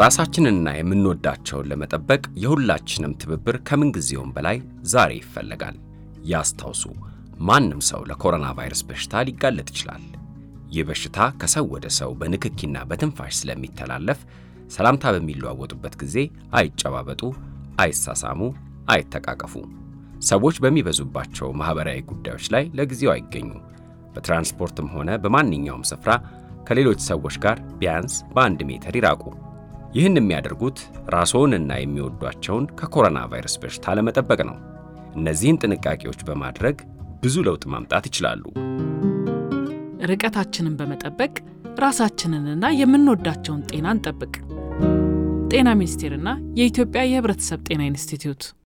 ራሳችንንና የምንወዳቸውን ለመጠበቅ የሁላችንም ትብብር ከምንጊዜውም በላይ ዛሬ ይፈለጋል። ያስታውሱ፣ ማንም ሰው ለኮሮና ቫይረስ በሽታ ሊጋለጥ ይችላል። ይህ በሽታ ከሰው ወደ ሰው በንክኪና በትንፋሽ ስለሚተላለፍ ሰላምታ በሚለዋወጡበት ጊዜ አይጨባበጡ፣ አይሳሳሙ፣ አይተቃቀፉ። ሰዎች በሚበዙባቸው ማኅበራዊ ጉዳዮች ላይ ለጊዜው አይገኙ። በትራንስፖርትም ሆነ በማንኛውም ስፍራ ከሌሎች ሰዎች ጋር ቢያንስ በአንድ ሜትር ይራቁ። ይህን የሚያደርጉት ራስዎንና የሚወዷቸውን ከኮሮና ቫይረስ በሽታ ለመጠበቅ ነው። እነዚህን ጥንቃቄዎች በማድረግ ብዙ ለውጥ ማምጣት ይችላሉ። ርቀታችንን በመጠበቅ ራሳችንንና የምንወዳቸውን ጤና እንጠብቅ። ጤና ሚኒስቴርና የኢትዮጵያ የሕብረተሰብ ጤና ኢንስቲትዩት